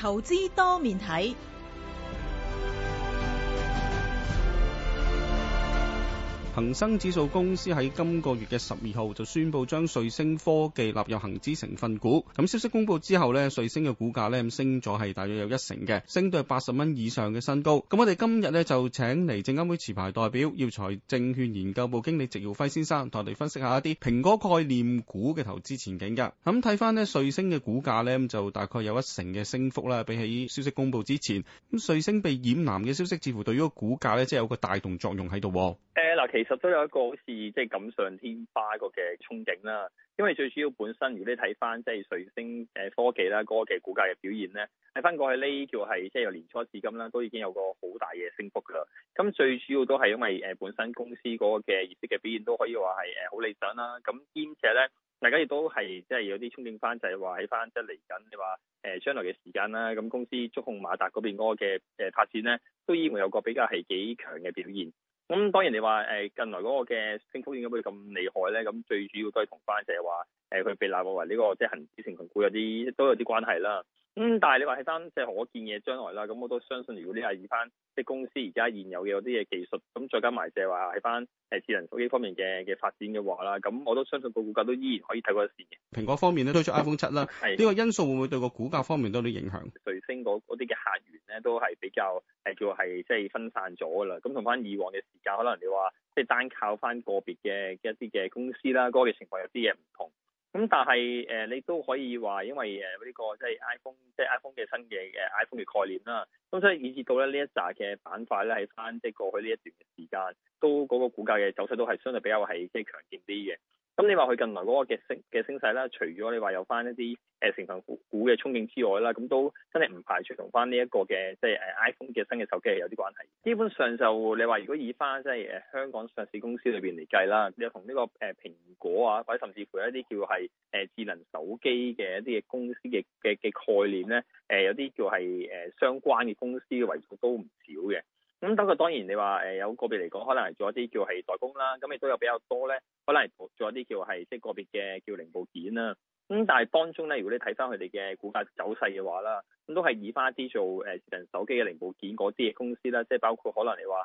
投資多面體。恒生指數公司喺今個月嘅十二號就宣布將瑞星科技納入恒指成分股。咁消息公布之後呢，瑞星嘅股價呢升咗係大約有一成嘅，升到係八十蚊以上嘅新高。咁我哋今日呢就請嚟證監會持牌代表，耀才證券研究部經理植耀輝先生同我哋分析一下一啲蘋果概念股嘅投資前景嘅。咁睇翻呢瑞星嘅股價呢，就大概有一成嘅升幅啦，比起消息公布之前，咁瑞星被染藍嘅消息，似乎對於個股價呢，即係有個帶動作用喺度。誒、呃、嗱，其其實都有一個好似即係錦上添花個嘅憧憬啦，因為最主要本身，如果你睇翻即係瑞聲誒科技啦嗰個嘅股價嘅表現咧，睇翻過去呢叫係即係由年初至今啦，都已經有一個好大嘅升幅噶啦。咁最主要都係因為誒本身公司嗰個嘅業績嘅表現都可以話係誒好理想啦。咁兼且咧，大家亦都係即係有啲憧憬翻，就係話喺翻即係嚟緊你話誒將來嘅時間啦，咁公司觸控馬達嗰邊嗰個嘅誒發展咧，都依然有一個比較係幾強嘅表現。咁當然你話誒近來嗰個嘅升幅應該冇咁厲害咧，咁最主要都係同翻成日話誒佢被納為呢個即係恆指成分股有啲都有啲關係啦。咁、嗯、但係你話喺翻即係可見嘅將來啦，咁我都相信，如果你係以翻啲公司而家現有嘅嗰啲嘅技術，咁再加埋即係話喺翻誒智能手機方面嘅嘅發展嘅話啦，咁我都相信個股價都依然可以睇過一線嘅。蘋果方面咧推出 iPhone 七、嗯、啦，呢、這個因素會唔會對個股價方面都有啲影響？瑞星嗰啲嘅客源咧都係比較誒叫係即係分散咗噶啦，咁同翻以往嘅時間，可能你話即係單靠翻個別嘅一啲嘅公司啦，嗰、那個情況有啲嘢唔同。咁但係誒，你都可以話因為誒呢個即係 iPhone，即係 iPhone 嘅新嘅誒 iPhone 嘅概念啦。咁所以以至到咧呢一紮嘅板塊咧，喺翻即係過去呢一段嘅時間，都嗰個股價嘅走勢都係相對比較係即係強勁啲嘅。咁你話佢近來嗰個嘅升嘅升勢啦，除咗你話有翻一啲誒成分股嘅憧憬之外啦，咁都真係唔排除同翻呢一個嘅即係誒 iPhone 嘅新嘅手機係有啲關係。基本上就你話如果以翻即係誒香港上市公司裏邊嚟計啦，你又同呢個誒蘋果啊，或者甚至乎一啲叫係誒智能手機嘅一啲嘅公司嘅嘅嘅概念咧，誒有啲叫係誒相關嘅公司嘅為數都唔少嘅。咁不過當然你話誒有個別嚟講，可能係做一啲叫係代工啦，咁亦都有比較多咧，可能。做咗啲叫係即係個別嘅叫零部件啦，咁但係當中咧，如果你睇翻佢哋嘅股價走勢嘅話啦，咁都係以翻啲做誒智能手機嘅零部件嗰啲嘅公司啦，即係包括可能你話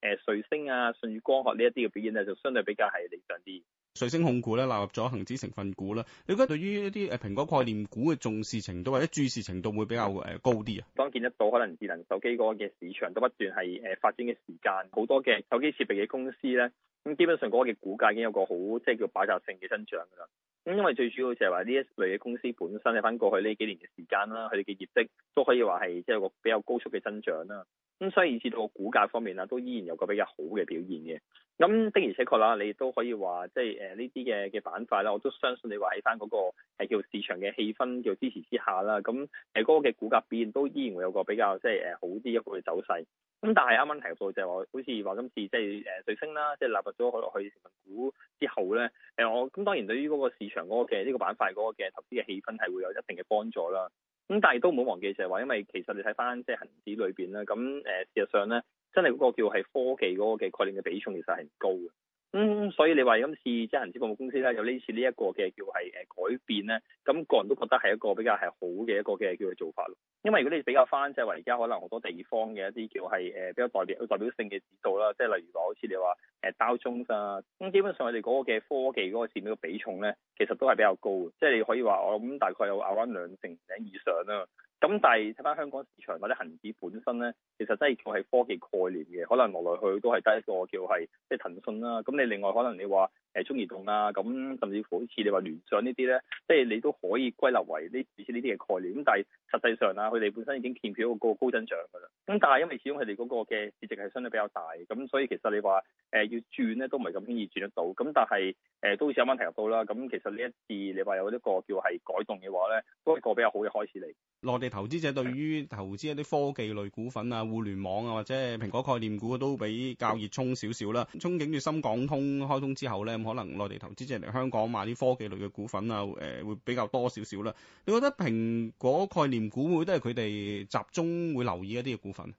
係誒瑞聲啊、舜宇光學呢一啲嘅表現咧，就相對比較係理想啲。瑞星控股咧，納入咗恒指成分股啦。你覺得對於一啲誒蘋果概念股嘅重視程度或者注視程度會比較誒高啲啊？當見得到可能智能手機嗰個嘅市場都不斷係誒發展嘅時間，好多嘅手機設備嘅公司咧，咁基本上嗰個嘅股價已經有個好即係叫爆炸性嘅增長噶啦。咁因為最主要就係話呢一類嘅公司本身睇翻過去呢幾年嘅時間啦，佢哋嘅業績都可以話係即係有個比較高速嘅增長啦。咁所以至到個股價方面啊，都依然有個比較好嘅表現嘅。咁的而且確啦，你都可以話，即係誒呢啲嘅嘅板塊啦，我都相信你話喺翻嗰個係叫市場嘅氣氛叫支持之下啦，咁誒嗰個嘅股價表現都依然會有個比較即係誒好啲一個嘅走勢。咁但係啱啱提到就係話，好似話今次即係誒瑞星啦，即係納入咗去去成分股之後咧，誒我咁當然對於嗰個市場嗰個嘅呢個板塊嗰個嘅投資嘅氣氛係會有一定嘅幫助啦。咁但係都唔好忘記就係話，因為其實你睇翻即係恆指裏邊啦，咁誒、呃、事實上咧，真係嗰個叫係科技嗰個嘅概念嘅比重其實係唔高嘅。嗯，所以你話今次即係恆指服務公司咧有呢次呢一個嘅叫係誒改變咧，咁、那個人都覺得係一個比較係好嘅一個嘅叫嘅做法咯。因為如果你比較翻即係話而家可能好多地方嘅一啲叫係誒比較代表代表性嘅指數啦，即係例如話好似你話誒包中啊，咁基本上我哋嗰個嘅科技嗰個佔到比重咧，其實都係比較高，即係你可以話我諗大概有亞灣兩成零以上啦。咁但係睇翻香港市場或者恒指本身咧，其實真係佢係科技概念嘅，可能來來去去都係得一個叫係即係騰訊啦。咁你另外可能你話，誒中移動啦、啊，咁甚至乎好似你話聯想這些呢啲咧，即係你都可以歸納為呢似呢啲嘅概念。咁但係實際上啊，佢哋本身已經欠缺一個高增長㗎啦。咁但係因為始終佢哋嗰個嘅市值係相對比較大，咁所以其實你話誒、呃、要轉咧都唔係咁輕易轉得到。咁但係、呃、都好似啱啱提及到時阿温提入到啦，咁其實呢一次你話有呢個叫係改動嘅話咧，都係一個比較好嘅開始嚟。內地投資者對於投資一啲科技類股份啊、互聯網啊或者係蘋果概念股都比較熱衷少少啦。憧憬住深港通開通之後咧。可能內地投資者嚟香港買啲科技類嘅股份啊，誒會比較多少少啦。你覺得蘋果概念股會都係佢哋集中會留意一啲嘅股份？誒、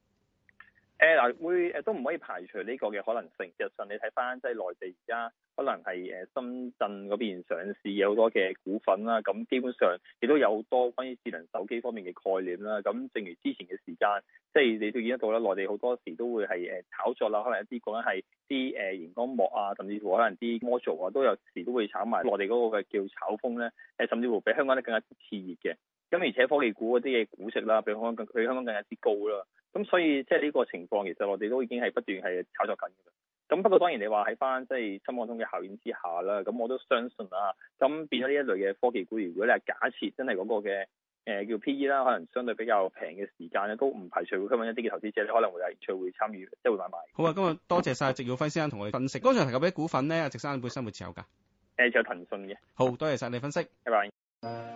呃、嗱，會誒都唔可以排除呢個嘅可能性。其實你睇翻即係內地而家可能係誒深圳嗰邊上市有好多嘅股份啦，咁基本上亦都有好多關於智能手機方面嘅概念啦。咁正如之前嘅時間。即係你都見得到啦，內地好多時都會係誒炒作啦，可能一啲講緊係啲誒熒光幕啊，甚至乎可能啲 module 啊，都有時都會炒埋。內地嗰個嘅叫炒風咧，誒甚至乎比香港咧更加之熾熱嘅。咁而且科技股嗰啲嘅股息啦，比香港更，比香港更加之高啦。咁所以即係呢個情況，其實內地都已經係不斷係炒作緊。咁不過當然你話喺翻即係深港通嘅效應之下啦，咁我都相信啊。咁變咗呢一類嘅科技股，如果你係假設真係嗰個嘅。誒、呃，叫 P E 啦，可能相對比較平嘅時間咧，都唔排除會吸引一啲嘅投資者咧，可能會係會參與即係會買賣。好啊，今日多謝晒鄭耀輝先生同我哋分析。剛才提及嘅股份咧，阿鄭生有冇新會持有噶？誒、呃，仲有騰訊嘅。好多謝晒你分析。拜拜。嗯。